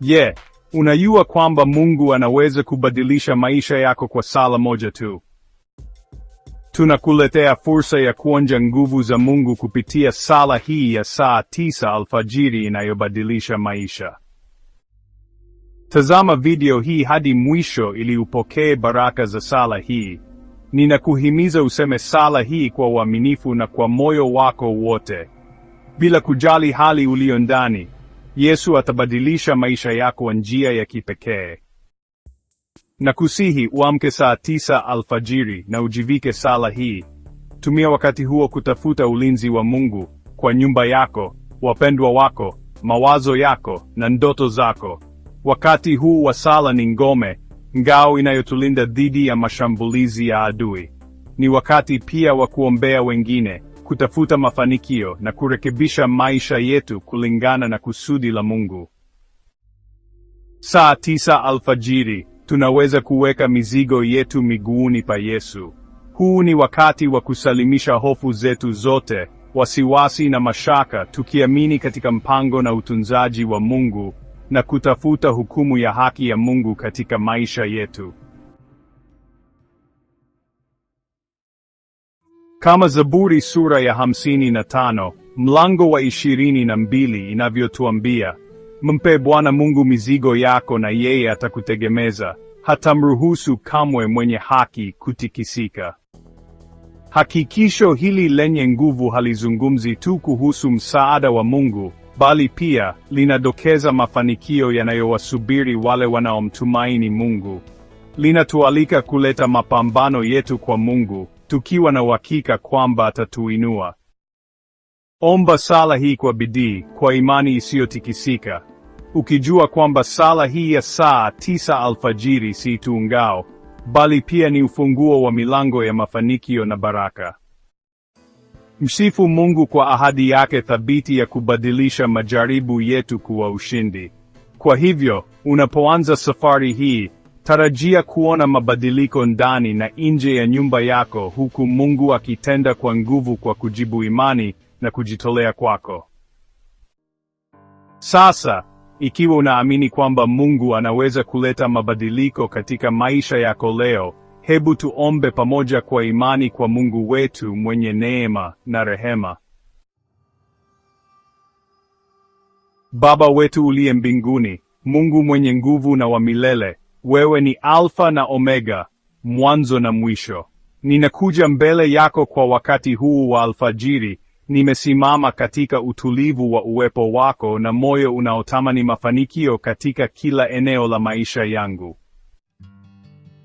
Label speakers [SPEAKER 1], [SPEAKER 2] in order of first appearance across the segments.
[SPEAKER 1] Je, yeah, unajua kwamba Mungu anaweza kubadilisha maisha yako kwa sala moja tu? Tunakuletea fursa ya kuonja nguvu za Mungu kupitia sala hii ya saa tisa alfajiri inayobadilisha maisha. Tazama video hii hadi mwisho ili upokee baraka za sala hii. Ninakuhimiza useme sala hii kwa uaminifu na kwa moyo wako wote, bila kujali hali uliyo ndani. Yesu atabadilisha maisha yako kwa njia ya kipekee. Nakusihi uamke saa tisa alfajiri na ujivike sala hii. Tumia wakati huo kutafuta ulinzi wa Mungu kwa nyumba yako, wapendwa wako, mawazo yako na ndoto zako. Wakati huu wa sala ni ngome, ngao inayotulinda dhidi ya mashambulizi ya adui. Ni wakati pia wa kuombea wengine kutafuta mafanikio na kurekebisha maisha yetu kulingana na kusudi la Mungu. Saa tisa alfajiri tunaweza kuweka mizigo yetu miguuni pa Yesu. Huu ni wakati wa kusalimisha hofu zetu zote, wasiwasi na mashaka, tukiamini katika mpango na utunzaji wa Mungu na kutafuta hukumu ya haki ya Mungu katika maisha yetu. Kama Zaburi sura ya hamsini na tano mlango wa ishirini na mbili inavyotuambia, mpe Bwana Mungu mizigo yako na yeye atakutegemeza, hatamruhusu kamwe mwenye haki kutikisika. Hakikisho hili lenye nguvu halizungumzi tu kuhusu msaada wa Mungu, bali pia linadokeza mafanikio yanayowasubiri wale wanaomtumaini Mungu. Linatualika kuleta mapambano yetu kwa Mungu tukiwa na uhakika kwamba atatuinua. Omba sala hii kwa bidii, kwa imani isiyotikisika, ukijua kwamba sala hii ya saa tisa alfajiri si tu ngao, bali pia ni ufunguo wa milango ya mafanikio na baraka. Msifu Mungu kwa ahadi yake thabiti ya kubadilisha majaribu yetu kuwa ushindi. Kwa hivyo, unapoanza safari hii, Tarajia kuona mabadiliko ndani na nje ya nyumba yako huku Mungu akitenda kwa nguvu kwa kujibu imani na kujitolea kwako. Sasa, ikiwa unaamini kwamba Mungu anaweza kuleta mabadiliko katika maisha yako leo, hebu tuombe pamoja kwa imani kwa Mungu wetu mwenye neema na rehema. Baba wetu uliye mbinguni, Mungu mwenye nguvu na wa milele, wewe ni Alfa na Omega, mwanzo na mwisho. Ninakuja mbele yako kwa wakati huu wa alfajiri. Nimesimama katika utulivu wa uwepo wako na moyo unaotamani mafanikio katika kila eneo la maisha yangu.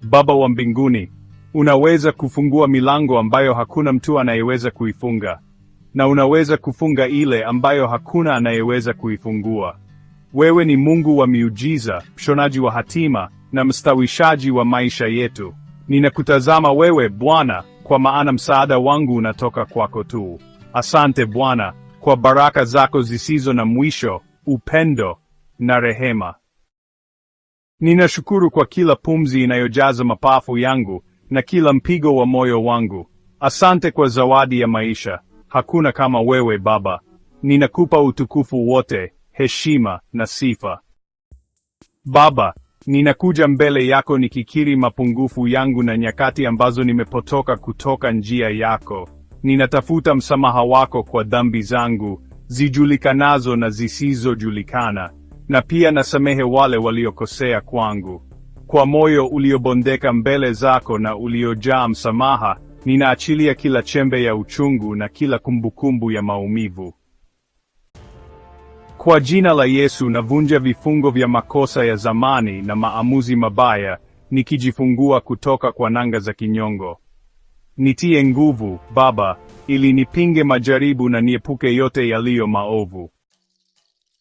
[SPEAKER 1] Baba wa mbinguni, unaweza kufungua milango ambayo hakuna mtu anayeweza kuifunga, na unaweza kufunga ile ambayo hakuna anayeweza kuifungua. Wewe ni Mungu wa miujiza, mshonaji wa hatima na mstawishaji wa maisha yetu. Ninakutazama wewe Bwana, kwa maana msaada wangu unatoka kwako tu. Asante Bwana kwa baraka zako zisizo na mwisho, upendo na rehema. Ninashukuru kwa kila pumzi inayojaza mapafu yangu na kila mpigo wa moyo wangu. Asante kwa zawadi ya maisha. Hakuna kama wewe Baba. Ninakupa utukufu wote, heshima na sifa. Baba, Ninakuja mbele yako nikikiri mapungufu yangu na nyakati ambazo nimepotoka kutoka njia yako. Ninatafuta msamaha wako kwa dhambi zangu zijulikanazo na zisizojulikana, na pia nasamehe wale waliokosea kwangu. Kwa moyo uliobondeka mbele zako na uliojaa msamaha, ninaachilia kila chembe ya uchungu na kila kumbukumbu ya maumivu. Kwa jina la Yesu navunja vifungo vya makosa ya zamani na maamuzi mabaya, nikijifungua kutoka kwa nanga za kinyongo. Nitie nguvu, Baba, ili nipinge majaribu na niepuke yote yaliyo maovu.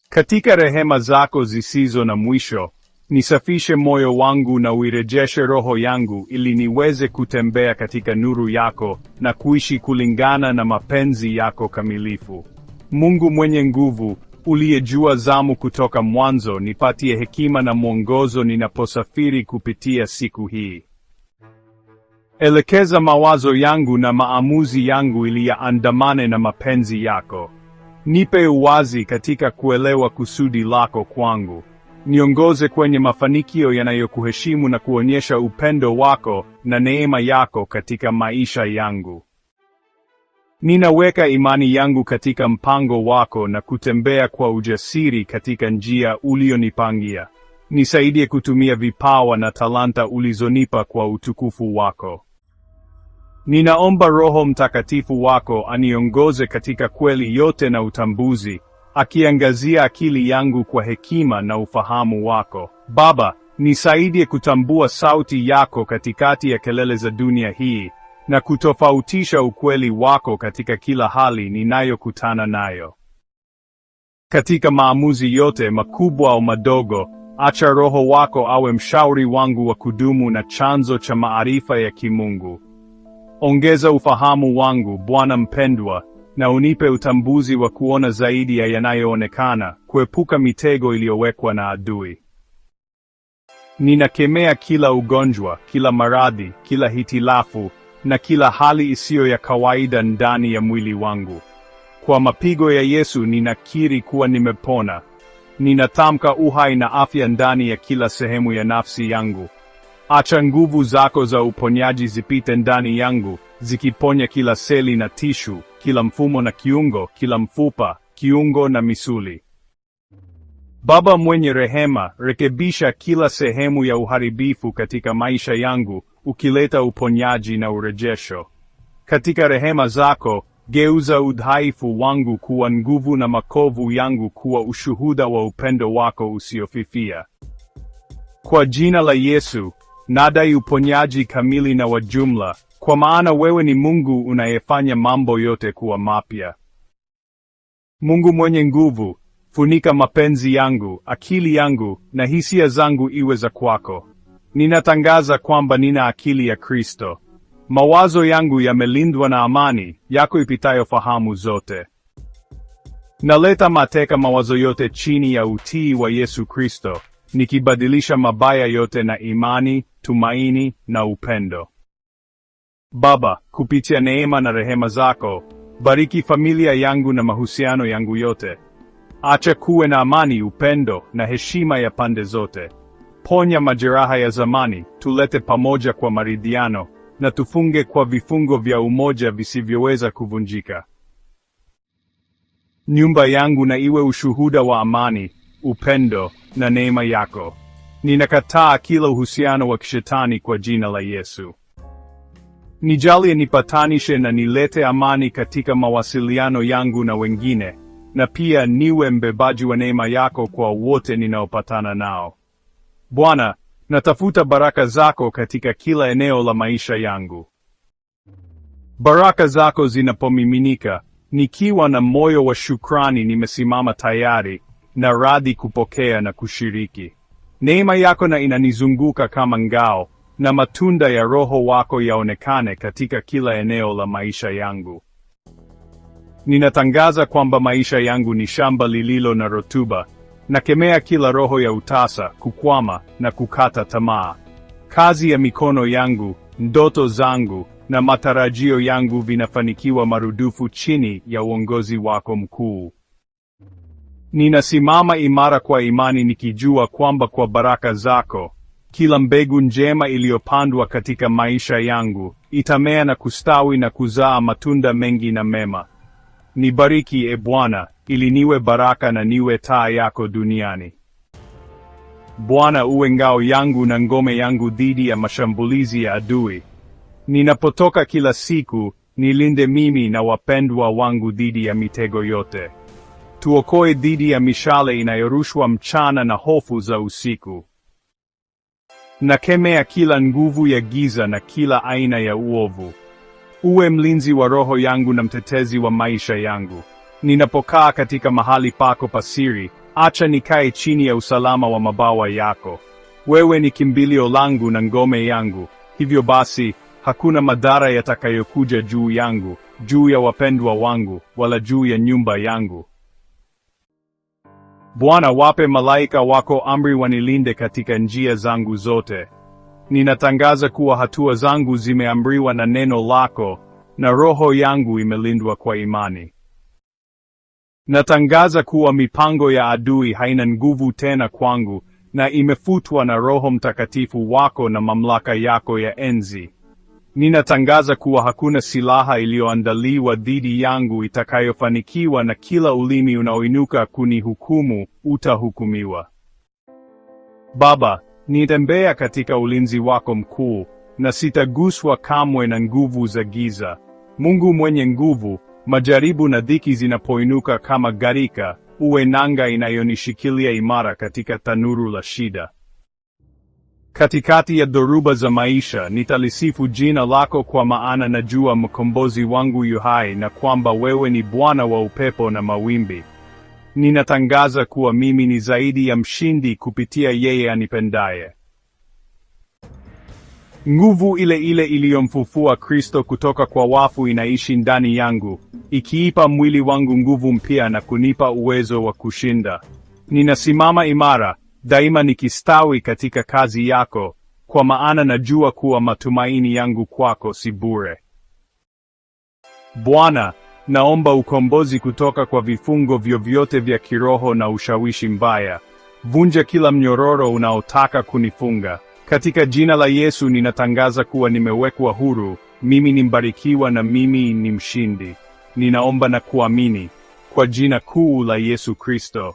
[SPEAKER 1] Katika rehema zako zisizo na mwisho, nisafishe moyo wangu na uirejeshe roho yangu ili niweze kutembea katika nuru yako na kuishi kulingana na mapenzi yako kamilifu. Mungu mwenye nguvu, uliyejua zamu kutoka mwanzo, nipatie hekima na mwongozo ninaposafiri kupitia siku hii. Elekeza mawazo yangu na maamuzi yangu ili yaandamane na mapenzi yako. Nipe uwazi katika kuelewa kusudi lako kwangu. Niongoze kwenye mafanikio yanayokuheshimu na kuonyesha upendo wako na neema yako katika maisha yangu. Ninaweka imani yangu katika mpango wako na kutembea kwa ujasiri katika njia ulionipangia. Nisaidie kutumia vipawa na talanta ulizonipa kwa utukufu wako. Ninaomba Roho Mtakatifu wako aniongoze katika kweli yote na utambuzi, akiangazia akili yangu kwa hekima na ufahamu wako. Baba, nisaidie kutambua sauti yako katikati ya kelele za dunia hii na kutofautisha ukweli wako katika kila hali ninayokutana nayo. Katika maamuzi yote makubwa au madogo, acha Roho wako awe mshauri wangu wa kudumu na chanzo cha maarifa ya kimungu. Ongeza ufahamu wangu, Bwana mpendwa, na unipe utambuzi wa kuona zaidi ya yanayoonekana, kuepuka mitego iliyowekwa na adui. Ninakemea kila ugonjwa, kila maradhi, kila hitilafu na kila hali isiyo ya kawaida ndani ya mwili wangu. Kwa mapigo ya Yesu ninakiri kuwa nimepona. Ninatamka uhai na afya ndani ya kila sehemu ya nafsi yangu. Acha nguvu zako za uponyaji zipite ndani yangu, zikiponya kila seli na tishu, kila mfumo na kiungo, kila mfupa, kiungo na misuli. Baba mwenye rehema, rekebisha kila sehemu ya uharibifu katika maisha yangu ukileta uponyaji na urejesho. Katika rehema zako, geuza udhaifu wangu kuwa nguvu na makovu yangu kuwa ushuhuda wa upendo wako usiofifia. Kwa jina la Yesu, nadai uponyaji kamili na wa jumla, kwa maana wewe ni Mungu unayefanya mambo yote kuwa mapya. Mungu mwenye nguvu, funika mapenzi yangu, akili yangu na hisia zangu iwe za kwako. Ninatangaza kwamba nina akili ya Kristo. Mawazo yangu yamelindwa na amani yako ipitayo fahamu zote. Naleta mateka mawazo yote chini ya utii wa Yesu Kristo, nikibadilisha mabaya yote na imani, tumaini na upendo. Baba, kupitia neema na rehema zako, bariki familia yangu na mahusiano yangu yote. Acha kuwe na amani, upendo na heshima ya pande zote ponya majeraha ya zamani, tulete pamoja kwa maridhiano, na tufunge kwa vifungo vya umoja visivyoweza kuvunjika. Nyumba yangu na iwe ushuhuda wa amani, upendo na neema yako. Ninakataa kila uhusiano wa kishetani kwa jina la Yesu. Nijalie nipatanishe na nilete amani katika mawasiliano yangu na wengine, na pia niwe mbebaji wa neema yako kwa wote ninaopatana nao. Bwana, natafuta baraka zako katika kila eneo la maisha yangu. Baraka zako zinapomiminika, nikiwa na moyo wa shukrani, nimesimama tayari na radhi kupokea na kushiriki. Neema yako na inanizunguka kama ngao, na matunda ya Roho wako yaonekane katika kila eneo la maisha yangu. Ninatangaza kwamba maisha yangu ni shamba lililo na rutuba Nakemea kila roho ya utasa, kukwama na kukata tamaa. Kazi ya mikono yangu, ndoto zangu na matarajio yangu vinafanikiwa marudufu chini ya uongozi wako mkuu. Ninasimama imara kwa imani nikijua kwamba kwa baraka zako, kila mbegu njema iliyopandwa katika maisha yangu itamea na kustawi na kuzaa matunda mengi na mema. Nibariki, e Bwana ili niwe baraka na niwe taa yako duniani. Bwana, uwe ngao yangu na ngome yangu dhidi ya mashambulizi ya adui. Ninapotoka kila siku, nilinde mimi na wapendwa wangu dhidi ya mitego yote. Tuokoe dhidi ya mishale inayorushwa mchana na hofu za usiku. Nakemea kila nguvu ya giza na kila aina ya uovu. Uwe mlinzi wa roho yangu na mtetezi wa maisha yangu. Ninapokaa katika mahali pako pasiri, acha nikae chini ya usalama wa mabawa yako. Wewe ni kimbilio langu na ngome yangu, hivyo basi hakuna madhara yatakayokuja juu yangu, juu ya wapendwa wangu, wala juu ya nyumba yangu. Bwana, wape malaika wako amri wanilinde katika njia zangu zote. Ninatangaza kuwa hatua zangu zimeamriwa na neno lako, na roho yangu imelindwa kwa imani. Natangaza kuwa mipango ya adui haina nguvu tena kwangu na imefutwa na Roho Mtakatifu wako na mamlaka yako ya enzi. Ninatangaza kuwa hakuna silaha iliyoandaliwa dhidi yangu itakayofanikiwa na kila ulimi unaoinuka kunihukumu utahukumiwa. Baba, nitembea katika ulinzi wako mkuu na sitaguswa kamwe na nguvu za giza. Mungu mwenye nguvu, Majaribu na dhiki zinapoinuka kama gharika, uwe nanga inayonishikilia imara katika tanuru la shida. Katikati ya dhoruba za maisha, nitalisifu jina lako, kwa maana najua mkombozi wangu yu hai, na kwamba wewe ni Bwana wa upepo na mawimbi. Ninatangaza kuwa mimi ni zaidi ya mshindi kupitia yeye anipendaye. Nguvu ile ile iliyomfufua Kristo kutoka kwa wafu inaishi ndani yangu, ikiipa mwili wangu nguvu mpya na kunipa uwezo wa kushinda. Ninasimama imara daima nikistawi katika kazi yako, kwa maana najua kuwa matumaini yangu kwako si bure. Bwana, naomba ukombozi kutoka kwa vifungo vyovyote vya kiroho na ushawishi mbaya. Vunja kila mnyororo unaotaka kunifunga. Katika jina la Yesu ninatangaza kuwa nimewekwa huru, mimi ni mbarikiwa na mimi ni mshindi. Ninaomba na kuamini kwa jina kuu la Yesu Kristo.